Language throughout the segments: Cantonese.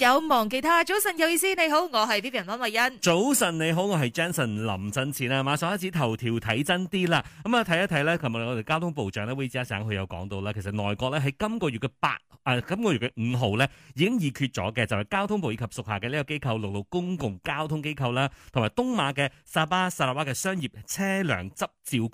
有望其他早晨有意思，你好，我係 Vivian 林慧欣。早晨你好，我係 Jensen 林振前啊。馬上、嗯、開始頭條睇真啲啦，咁啊睇一睇咧，琴日我哋交通部長咧威斯卡省佢有講到啦，其實內閣咧喺今個月嘅八啊，今個月嘅五號咧已經議決咗嘅，就係、是、交通部以及屬下嘅呢個機構陸路公共交通機構啦，同埋東馬嘅沙巴、砂拉越嘅商業車輛執照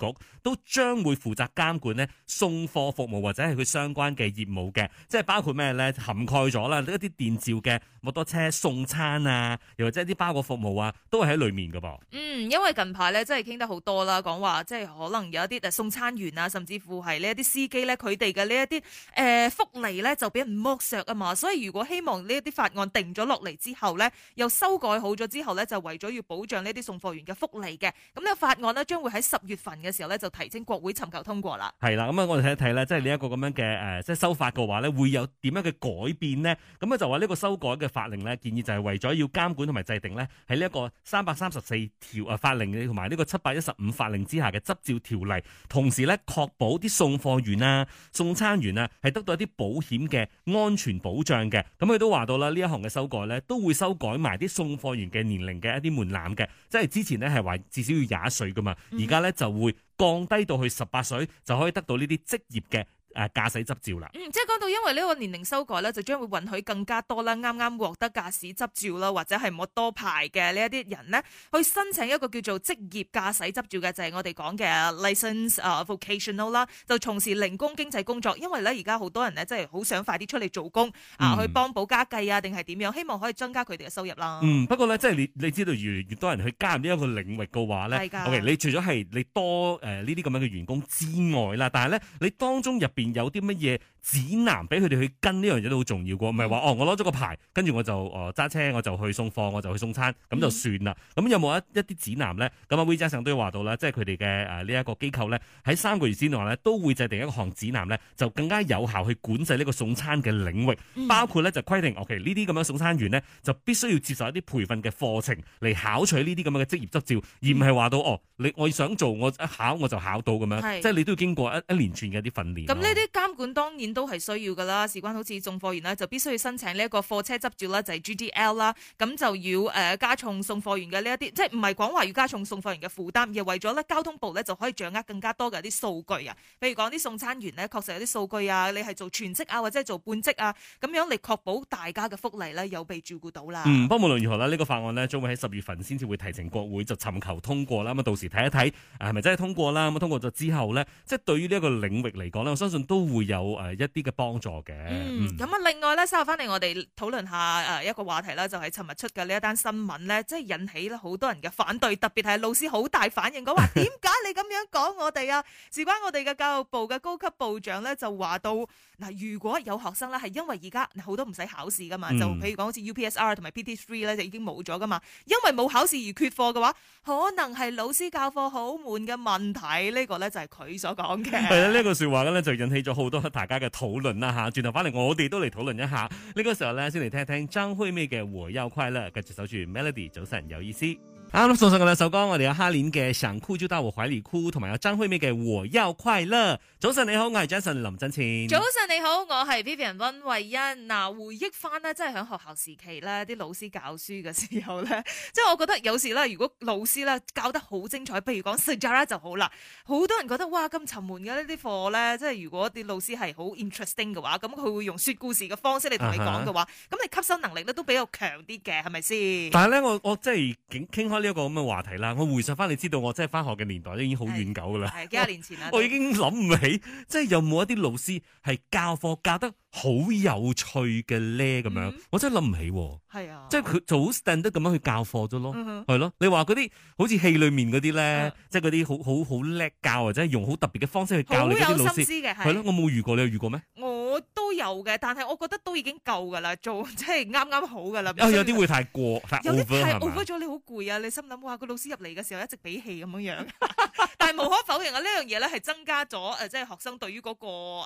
局都將會負責監管呢送貨服務或者係佢相關嘅業務嘅，即係包括咩咧，涵蓋咗啦一啲電召嘅摩托車送餐啊，又或者啲包裹服務啊，都係喺裏面噶噃。嗯，因為近排咧，真係傾得好多啦，講話即係可能有一啲誒送餐員啊，甚至乎係呢一啲司機咧，佢哋嘅呢一啲誒福利咧就俾人剝削啊嘛。所以如果希望呢一啲法案定咗落嚟之後咧，又修改好咗之後咧，就為咗要保障呢啲送貨員嘅福利嘅，咁呢個法案呢，將會喺十月份嘅時候咧就提請國會尋求通過啦。係啦，咁、嗯、啊我哋睇一睇咧，即係呢一個咁樣嘅誒、呃，即係修法嘅話咧，會有點樣嘅改變呢？咁咧就話呢個修改嘅法令呢，建議就係為咗要監管同埋制定呢喺呢一個三百三十四條啊法令同埋呢個七百一十五法令之下嘅執照條例，同時呢，確保啲送貨員啊、送餐員啊係得到一啲保險嘅安全保障嘅。咁佢都話到啦，呢一行嘅修改呢，都會修改埋啲送貨員嘅年齡嘅一啲門檻嘅，即係之前呢，係話至少要廿歲噶嘛，而家呢，就會降低到去十八歲就可以得到呢啲職業嘅。誒，駕駛執照啦，嗯，即係講到因為呢個年齡修改咧，就將會允許更加多啦，啱啱獲得駕駛執照啦，或者係冇多牌嘅呢一啲人呢，去申請一個叫做職業駕駛執照嘅，就係、是、我哋講嘅 license 啊、uh,，vocational 啦，就從事零工經濟工作。因為咧，而家好多人呢，即係好想快啲出嚟做工、嗯、啊，去幫補家計啊，定係點樣？希望可以增加佢哋嘅收入啦。嗯，不過咧，即係你你知道越，越越多人去加入呢一個領域嘅話咧的，OK，你除咗係你多誒呢啲咁樣嘅員工之外啦，但係咧你當中入。便有啲乜嘢？ 指南俾佢哋去跟呢樣嘢都好重要嘅，唔係話哦，我攞咗個牌，跟住我就哦揸、呃、車，我就去送貨，我就去送餐，咁就算啦。咁、嗯嗯、有冇一一啲指南咧？咁啊，Vijay 先生都話到啦，即係佢哋嘅誒呢一個機構咧，喺三個月之內咧都會制定一項指南咧，就更加有效去管制呢個送餐嘅領域，嗯、包括咧就規定，OK 呢啲咁樣送餐員咧就必須要接受一啲培訓嘅課程嚟考取呢啲咁樣嘅職業執照，嗯、而唔係話到哦，你我想做我一考我就考到咁樣，是即係你都要經過一一連串嘅一啲訓練。咁呢啲監管當然。都係需要噶啦，事關好似送貨員呢，就必須要申請呢一個貨車執照啦，就係 GDL 啦，咁就要誒加重送貨員嘅呢一啲，即係唔係講話要加重送貨員嘅負擔，而係為咗咧交通部咧就可以掌握更加多嘅一啲數據啊，譬如講啲送餐員呢，確實有啲數據啊，你係做全職啊或者做半職啊，咁樣嚟確保大家嘅福利呢，有被照顧到啦。嗯，不過無論如何呢，呢個法案呢，將會喺十月份先至會提呈國會就尋求通過啦，咁到時睇一睇係咪真係通過啦，咁通過咗之後呢，即係對於呢一個領域嚟講呢，我相信都會有誒。一啲嘅幫助嘅，嗯，咁啊，另外咧，稍下翻嚟，我哋討論一下一個話題啦。就係尋日出嘅呢一單新聞咧，即係引起咧好多人嘅反對，特別係老師好大反應，講話點解你咁樣講我哋啊？事關 我哋嘅教育部嘅高級部長咧，就話到嗱，如果有學生咧，係因為而家好多唔使考試噶嘛，就譬如講好似 UPSR 同埋 PT3 咧，就已經冇咗噶嘛，因為冇考試而缺課嘅話，可能係老師教課好悶嘅問題，呢、這個咧就係佢所講嘅。係啦，呢、這個說話話咧，就引起咗好多大家嘅。討論啦吓，轉頭翻嚟，我哋都嚟討論一下。呢個時候咧，先嚟聽聽張惠妹嘅《和憂快樂》繼續守住 melody，早晨有意思。啱啦、啊，送上嘅兩首歌，我哋有哈林嘅想哭就到我懷裏哭，同埋有張惠妹嘅我要快樂。早晨你好，我係 Jason 林振前。早晨你好，我係 Vivian 温慧欣。嗱、啊，回憶翻呢，即係喺學校時期咧，啲老師教書嘅時候咧，即係我覺得有時咧，如果老師咧教得好精彩，譬如講 Sedra 就好啦。好多人覺得哇咁沉悶嘅呢啲課咧，即係如果啲老師係好 interesting 嘅話，咁佢會用說故事嘅方式嚟同你講嘅話，咁、uh huh. 你吸收能力咧都比較強啲嘅，係咪先？但係咧，我我即係傾開。呢一個咁嘅話題啦，我回想翻，你知道我真係翻學嘅年代都已經好遠久噶啦，係幾廿年前啦，我已經諗唔起， 即係有冇一啲老師係教課教得好有趣嘅咧？咁樣、嗯、我真係諗唔起，係啊，啊即係佢就好 standard 咁樣去教課咗咯，係咯、嗯哼啊？你話嗰啲好似戲裏面嗰啲咧，嗯、哼即係嗰啲好好好叻教，或者用好特別嘅方式去教你啲老師，係咯、啊？我冇遇過，你有遇過咩？都有嘅，但係我覺得都已經夠噶啦，做即係啱啱好噶啦、哦。有啲會太過，有啲太 over 咗，吧你好攰啊！你心諗哇，個老師入嚟嘅時候一直俾氣咁樣樣。 但係無可否認啊，呢 樣嘢咧係增加咗誒，即係學生對於嗰、嗰個誒科、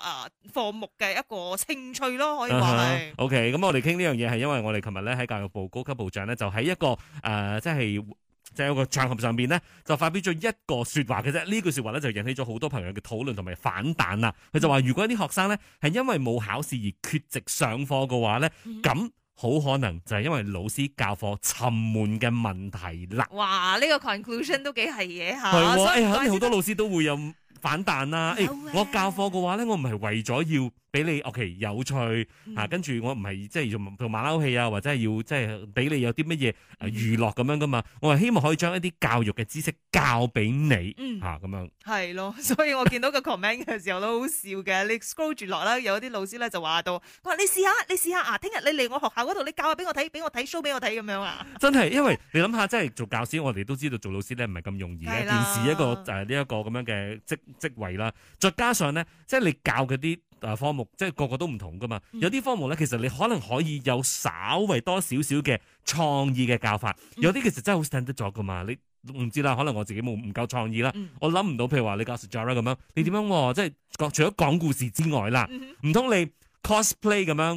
啊、目嘅一個興趣咯，可以講係。OK，咁我哋傾呢樣嘢係因為我哋琴日咧喺教育部高級部長咧就喺、是、一個誒、呃，即係。就喺個場合上面咧，就發表咗一個說話嘅啫。句呢句說話咧，就引起咗好多朋友嘅討論同埋反彈啦。佢就話：如果啲學生咧係因為冇考試而缺席上課嘅話咧，咁好、嗯、可能就係因為老師教課沉悶嘅問題啦。哇！呢、呢個 conclusion 都幾係嘢下。係、啊、喎。誒肯定好多老師都會有反彈啦、啊耶哎。我教課嘅話咧，我唔係為咗要。俾你，o、okay, 其有趣、嗯啊、跟住我唔係即係做做馬騮戲啊，或者係要即係俾你有啲乜嘢娛樂咁樣噶嘛？嗯、我係希望可以將一啲教育嘅知識教俾你咁、嗯啊、樣係咯，所以我見到個 comment 嘅 時候都好笑嘅。你 scroll 住落啦，有啲老師咧就話到：我話你試下，你試下啊！聽日你嚟我學校嗰度，你教下俾我睇，俾我睇 show 俾我睇咁樣啊！真係，因為 你諗下，真係做教師，我哋都知道做老師咧唔係咁容易嘅，件事，一個誒呢一個咁樣嘅職職位啦，再加上咧，即係你教嗰啲。誒科目即係個個都唔同噶嘛，有啲科目咧其實你可能可以有稍微多少少嘅創意嘅教法，有啲其實真係好 stand 得咗噶嘛，你唔知啦，可能我自己冇唔夠創意啦，嗯、我諗唔到，譬如話你教 s h r a 咁樣，你點樣、嗯、即係除咗講故事之外啦，唔通你？cosplay 咁樣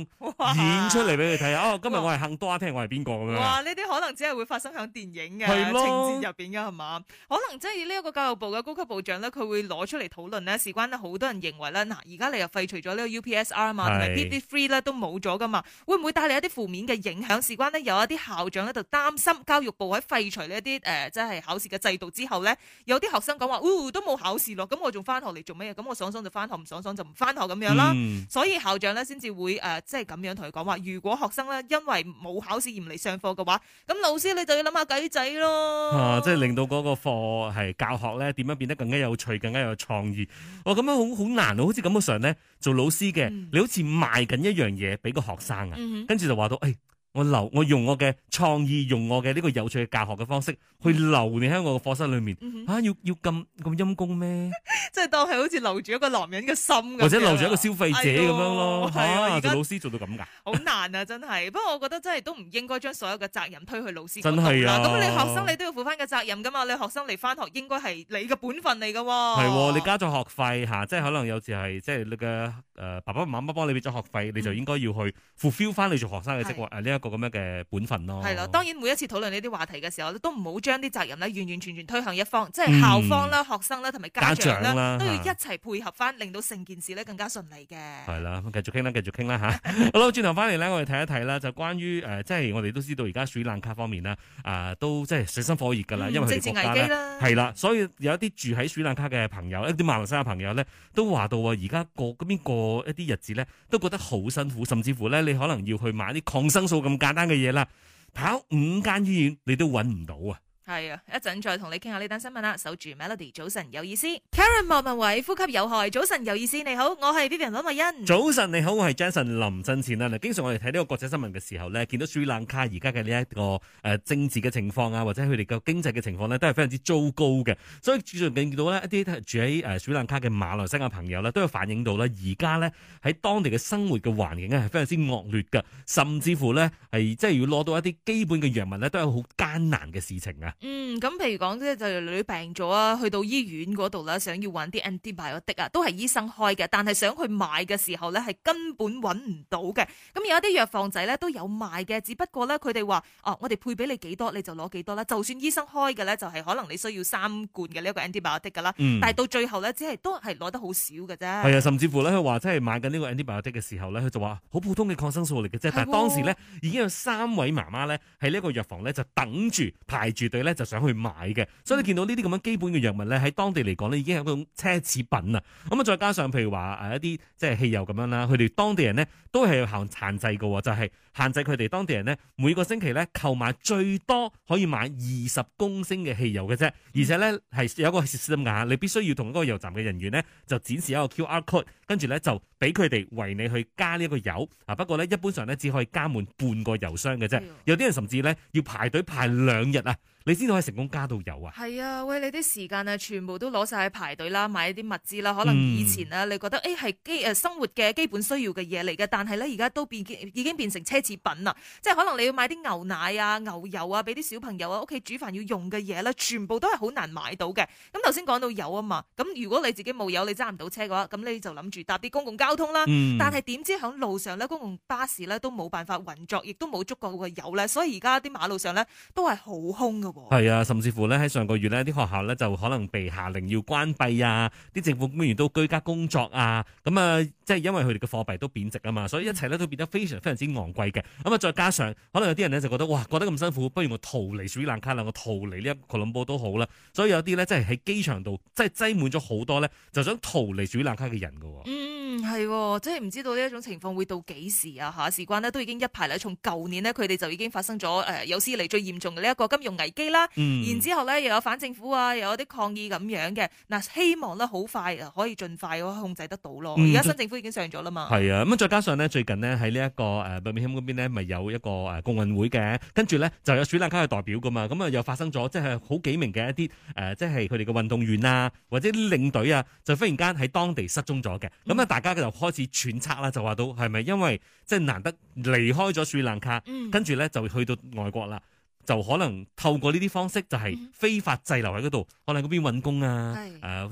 演出嚟俾你睇下！哇今日我係行多一哇聽我，我係邊個咁樣？哇！呢啲可能只係會發生喺電影嘅咯情節入邊嘅係嘛？可能即係呢一個教育部嘅高級部長咧，佢會攞出嚟討論咧，事關呢，好多人認為咧，嗱而家你又廢除咗呢個 U P S R 啊嘛，同埋 P T Three 咧都冇咗噶嘛，會唔會帶嚟一啲負面嘅影響？事關呢，有一啲校長呢就擔心，教育部喺廢除呢一啲誒即係考試嘅制度之後咧，有啲學生講話、哦，都冇考試咯，咁我仲翻學嚟做咩？咁我爽爽就翻學，唔爽爽就唔翻學咁樣啦。嗯、所以校長。先至會誒，即係咁樣同佢講話。如果學生咧因為冇考試而唔嚟上課嘅話，咁老師你就要諗下計仔咯。即係令到嗰個課係教學咧，點樣變得更加有趣，更加有創意。哇，嗯，咁樣好好難啊！好似咁嘅時候咧，做老師嘅，嗯、你好似賣緊一樣嘢俾個學生啊，跟住，嗯、哼就話到誒。欸我留我用我嘅創意，用我嘅呢個有趣嘅教學嘅方式去留你喺我嘅課室裏面。吓，要要咁咁陰公咩？即係當係好似留住一個男人嘅心或者留住一個消費者咁樣咯。係啊，做老師做到咁噶？好難啊，真係。不過我覺得真係都唔應該將所有嘅責任推去老師。真係啊，咁你學生你都要負翻個責任噶嘛？你學生嚟翻學應該係你嘅本分嚟噶。係，你加咗學費吓，即係可能有時係即係你嘅誒爸爸媽媽幫你俾咗學費，你就應該要去 fulfill 翻你做學生嘅職㗎呢一個。咁樣嘅本分咯，係咯，當然每一次討論呢啲話題嘅時候都唔好將啲責任咧完完全全推向一方，即係校方啦、嗯、學生啦同埋家長啦，長都要一齊配合翻，令到成件事咧更加順利嘅。係啦，繼續傾啦，繼續傾啦嚇。 好啦，轉頭翻嚟咧，我哋睇一睇啦，就關於誒、呃，即係我哋都知道而家水冷卡方面啦，啊、呃，都即係水深火熱㗎、嗯、啦，因為政治危機啦，係啦，所以有一啲住喺水冷卡嘅朋友，一啲馬來西亞朋友咧，都話到話而家過嗰邊過一啲日子咧，都覺得好辛苦，甚至乎咧，你可能要去買啲抗生素。咁簡單嘅嘢啦，跑五間醫院你都揾唔到啊！係啊，一陣再同你傾下呢單新聞啦。守住 Melody，早晨有意思。Karen 莫文偉，呼吸有害。早晨有意思，你好，我係 Vivian 林慧欣。早晨你好，我係 Jason 林振前啦。嗱，經常我哋睇呢個國際新聞嘅時候咧，見到斯里蘭卡而家嘅呢一個誒政治嘅情況啊，或者佢哋嘅經濟嘅情況咧，都係非常之糟糕嘅。所以最近見到呢一啲住喺誒斯里蘭卡嘅馬來西亞朋友咧，都有反映到咧，而家咧喺當地嘅生活嘅環境呢，係非常之惡劣嘅，甚至乎咧係即係要攞到一啲基本嘅藥物咧，都係好艱難嘅事情啊！嗯，咁譬如講即就女、是、病咗啊，去到醫院嗰度啦，想要揾啲 antibiotic 啊，都係醫生開嘅，但係想去買嘅時候咧，係根本揾唔到嘅。咁有一啲藥房仔咧都有賣嘅，只不過咧佢哋話，哦、啊，我哋配俾你幾多你就攞幾多啦。就算醫生開嘅咧，就係、是、可能你需要三罐嘅呢一個 antibiotic 噶啦，嗯、但係到最後咧，只係都係攞得好少嘅啫。係啊，甚至乎咧，佢話即係買緊呢個 antibiotic 嘅時候咧，佢就話好普通嘅抗生素嚟嘅啫。的但係當時咧已經有三位媽媽咧喺呢個藥房咧就等住排住隊。就想去買嘅，所以你見到呢啲咁樣基本嘅藥物咧，喺當地嚟講咧已經係一種奢侈品啦咁啊，再加上譬如話誒一啲即係汽油咁樣啦，佢哋當地人咧都係要行限制嘅，就係、是、限制佢哋當地人咧每個星期咧購買最多可以買二十公升嘅汽油嘅啫，而且咧係有個 system，你必須要同一個油站嘅人員咧就展示一個 QR code，跟住咧就俾佢哋為你去加呢一個油啊！不過咧一般上咧只可以加滿半個油箱嘅啫，有啲人甚至咧要排隊排兩日啊！你先可以成功加到油啊！係啊，喂，你啲時間咧，全部都攞晒去排隊啦，買一啲物資啦。可能以前咧、啊，嗯、你覺得誒係基誒生活嘅基本需要嘅嘢嚟嘅，但係咧而家都變已經變成奢侈品啦。即係可能你要買啲牛奶啊、牛油啊，俾啲小朋友啊屋企煮飯要用嘅嘢咧，全部都係好難買到嘅。咁頭先講到油啊嘛，咁如果你自己冇油，你揸唔到車嘅話，咁你就諗住搭啲公共交通啦。嗯、但係點知喺路上咧，公共巴士咧都冇辦法運作，亦都冇足夠嘅油咧，所以而家啲馬路上咧都係好空嘅。係啊、嗯，甚至乎咧喺上個月呢啲學校咧就可能被下令要關閉啊，啲政府官員都居家工作啊，咁啊，即係因為佢哋嘅貨幣都貶值啊嘛，所以一切咧都變得非常非常之昂貴嘅。咁啊，再加上可能有啲人咧就覺得哇，覺得咁辛苦，不如我逃離斯里蘭卡啦，我逃離呢一個哥倫比亞都好啦。所以有啲咧即係喺機場度即係擠滿咗好多咧，就想逃離斯里蘭卡嘅人嘅。嗯，係、哦，即係唔知道呢一種情況會到幾時啊？吓，事關呢，都已經一排啦，從舊年呢，佢哋就已經發生咗誒有史嚟最嚴重嘅呢一個金融危機。啦，嗯、然之後咧又有反政府啊，又有啲抗議咁樣嘅，嗱，希望咧好快可以盡快控制得到咯。而家、嗯、新政府已經上咗啦嘛。係、嗯、啊，咁啊再加上咧最近呢喺呢一個誒北面險嗰邊咧，咪有一個誒共運會嘅，跟住咧就有斯里蘭卡嘅代表噶嘛，咁啊又發生咗即係好幾名嘅一啲誒，即係佢哋嘅運動員啊或者領隊啊，就忽然間喺當地失蹤咗嘅，咁、嗯、啊大家就開始揣測啦，就話到係咪因為即係、就是、難得離開咗斯里蘭卡，跟住咧就去到外國啦。就可能透過呢啲方式，就係非法滯留喺嗰度，嗯、可能嗰邊揾工啊，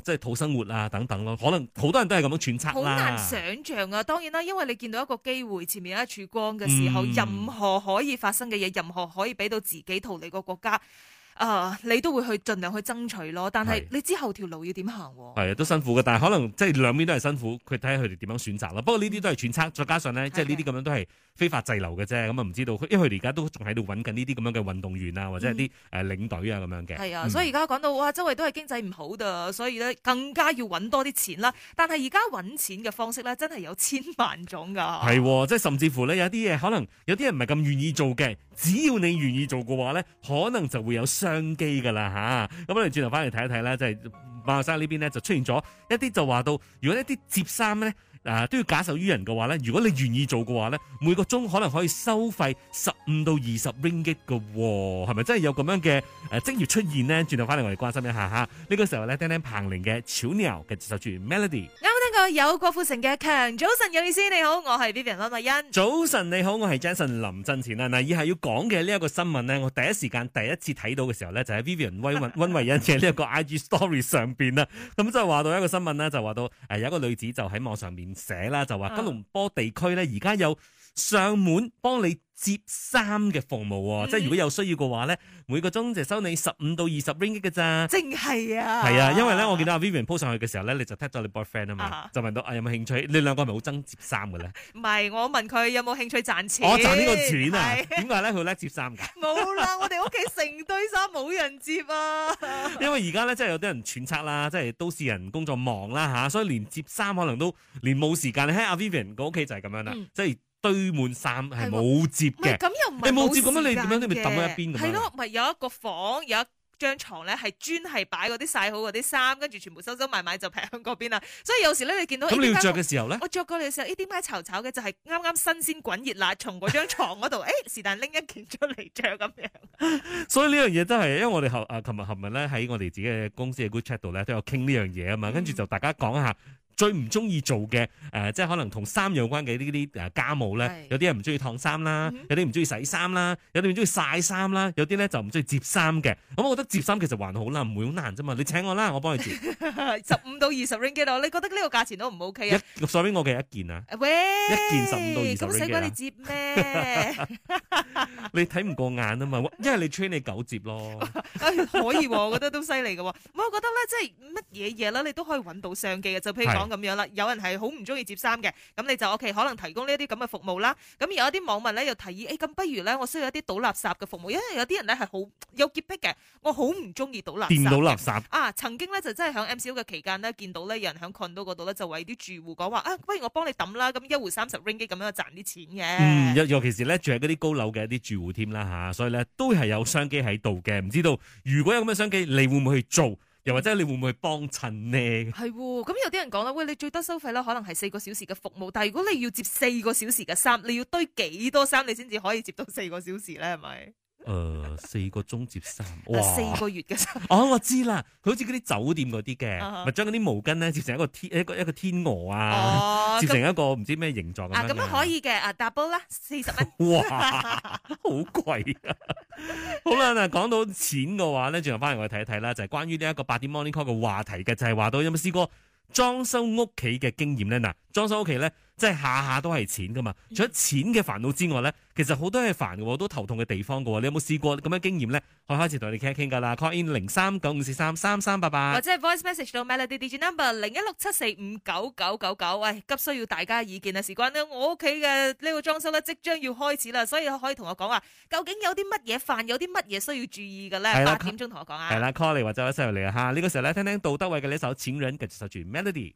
即係討生活啊等等咯。可能好多人都係咁樣揣測，好難想象啊！當然啦，因為你見到一個機會，前面有一處光嘅時候，嗯、任何可以發生嘅嘢，任何可以俾到自己逃離個國家。啊！Uh, 你都會去盡量去爭取咯，但係你之後條路要點行喎？係啊，都辛苦嘅，但係可能即係兩邊都係辛苦，佢睇下佢哋點樣選擇咯。不過呢啲都係揣測，再加上咧，是的 即係呢啲咁樣都係非法滯留嘅啫，咁啊唔知道。的因為佢哋而家都仲喺度揾緊呢啲咁樣嘅運動員啊，或者係啲誒領隊啊咁樣嘅。係啊、嗯嗯，所以而家講到哇，周圍都係經濟唔好㗎，所以咧更加要揾多啲錢啦。但係而家揾錢嘅方式咧，真係有千萬種㗎、啊。係喎，即係甚至乎咧，有啲嘢可能有啲人唔係咁願意做嘅，只要你願意做嘅話咧，可能就會有。商機噶啦吓，咁、啊、我哋轉頭翻嚟睇一睇啦，即、就、係、是、馬鞍山呢邊咧就出現咗一啲就話到，如果一啲摺衫咧啊都要假手於人嘅話咧，如果你願意做嘅話咧，每個鐘可能可以收費十五到二十 ringgit，噶係咪真係有咁樣嘅誒職業出現咧？轉頭翻嚟我哋關心一下吓，呢、啊這個時候咧聽聽彭羚嘅《巧鳥》嘅插曲 Melody。呢個有郭富城嘅強，早晨有意思，你好，我係 Vivian 温慧欣。早晨你好，我係 Jason 林振前啦嗱，以下要講嘅呢一個新聞咧，我第一時間第一次睇到嘅時候咧，就喺、是、Vivian 温慧温慧欣嘅呢一個 IG Story 上邊啦。咁即係話到一個新聞咧，就話到誒，有一個女子就喺網上面寫啦，就話吉隆坡地區咧而家有。上門幫你接衫嘅服，服務喎、哦，嗯、即係如果有需要嘅話咧，每個鐘就收你十五到二十 ring 嘅咋。正係啊，係啊，啊因為咧我見到阿 Vivian 鋪上去嘅時候咧，你就踢咗你 boyfriend 啊嘛，啊就問到啊有冇興趣？你兩個係咪好憎接衫嘅咧？唔係， 我問佢有冇興趣賺錢。我賺呢個錢啊，點解咧佢叻接衫噶？冇啦，我哋屋企成堆衫冇人接啊。 因為而家咧真係有啲人揣測啦，即係都市人工作忙啦吓，所以連接衫可能都連冇時間。你喺阿 Vivian 個屋企就係咁樣啦，嗯、即係。堆滿衫係冇摺嘅，你冇摺咁樣，你點樣你咪抌喺一邊咁樣？係咯，咪有一個房有一張床咧，係專係擺嗰啲曬好嗰啲衫，跟住全部收收埋埋就劈喺嗰邊啦。所以有時咧，你見到咁、嗯欸、你要着嘅時候咧，我着過嚟嘅時候，誒點解巢巢嘅？就係啱啱新鮮滾熱辣，從嗰張牀嗰度，誒是但拎一件出嚟着咁樣。所以呢樣嘢都係，因為我哋後啊，琴、呃、日琴日咧喺我哋自己嘅公司嘅 Good Chat 度咧都有傾呢樣嘢啊嘛，跟住、嗯、就大家講一下。最唔中意做嘅，誒、呃，即係可能同衫有關嘅呢啲誒家務咧是，有啲人唔中意燙衫啦，有啲唔中意洗衫啦，有啲唔中意曬衫啦，有啲咧就唔中意折衫嘅。咁我覺得折衫其實還好啦，唔會好難啫嘛。你請我啦，我幫你折。 十五到二十 ringgit 咯，你覺得呢個價錢都唔 OK 啊？送俾我嘅一件啊，喂一件十五到二十 ringgit，、啊、 你折咩？你睇唔過眼啊嘛，因為你 train 你九折咯 、哎。可以、啊，我覺得都犀利嘅。唔係，我覺得咧，即係乜嘢嘢啦，你都可以揾到相機嘅。就譬如咁樣啦，有人係好唔中意接衫嘅，咁你就屋企可能提供呢一啲咁嘅服務啦。咁有一啲網民咧又提議，誒咁不如咧，我需要一啲倒垃圾嘅服務，因為有啲人咧係好有潔癖嘅，我好唔中意倒垃圾。掂到垃圾啊！曾經咧就真係響 MCO 嘅期間咧，見到咧有人喺 Condo 嗰度咧，就為啲住戶講話啊，不如我幫你抌啦，咁一戶三十 ringgit 咁樣賺啲錢嘅。嗯，尤其是咧住喺嗰啲高樓嘅一啲住戶添啦嚇，所以咧都係有商機喺度嘅。唔知道如果有咁嘅商機，你會唔會去做？又或者你會唔會幫襯呢？係喎，咁有啲人講啦，喂，你最多收費可能係四個小時嘅服務，但如果你要接四個小時嘅衫，你要堆幾多衫你先至可以接到四個小時呢？係咪？誒、呃，四個鐘折衫哇！四個月嘅衫哦，我知啦，佢好似嗰啲酒店嗰啲嘅，咪將嗰啲毛巾咧折成一個天一個一個天鵝啊，折、oh, 成一個唔、嗯、知咩形狀咁啊，咁樣可以嘅啊，double 啦，四十蚊，哇，好貴啊！ 好啦，嗱，講到錢嘅話咧，轉頭翻嚟我哋睇一睇啦，就係、關於呢一個八點 morning call 嘅話題嘅，就係、是、話到有冇試過裝修屋企嘅經驗咧？嗱，裝修屋企咧。即係下下都係錢噶嘛！除咗錢嘅煩惱之外咧，其實好多係煩嘅喎，都頭痛嘅地方嘅喎。你有冇試過咁樣經驗咧？可以開始同你傾一傾㗎啦。Call in 零三九五四三三三八八，或者係 voice message 到 Melody DJ number 零一六七四五九九九九。喂，急需要大家意見啊！事關呢，我屋企嘅呢個裝修咧即將要開始啦，所以可以同我講話、啊，究竟有啲乜嘢煩，有啲乜嘢需要注意嘅咧？八點鐘同我講啊！係啦，call 嚟或者我聲入嚟啊！呢、呢個時候呢，聽聽杜德偉嘅呢首《情人》，繼續守住 Melody。